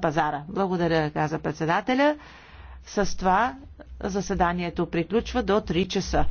пазара. Благодаря, каза председателя. С това заседанието приключва до 3 часа.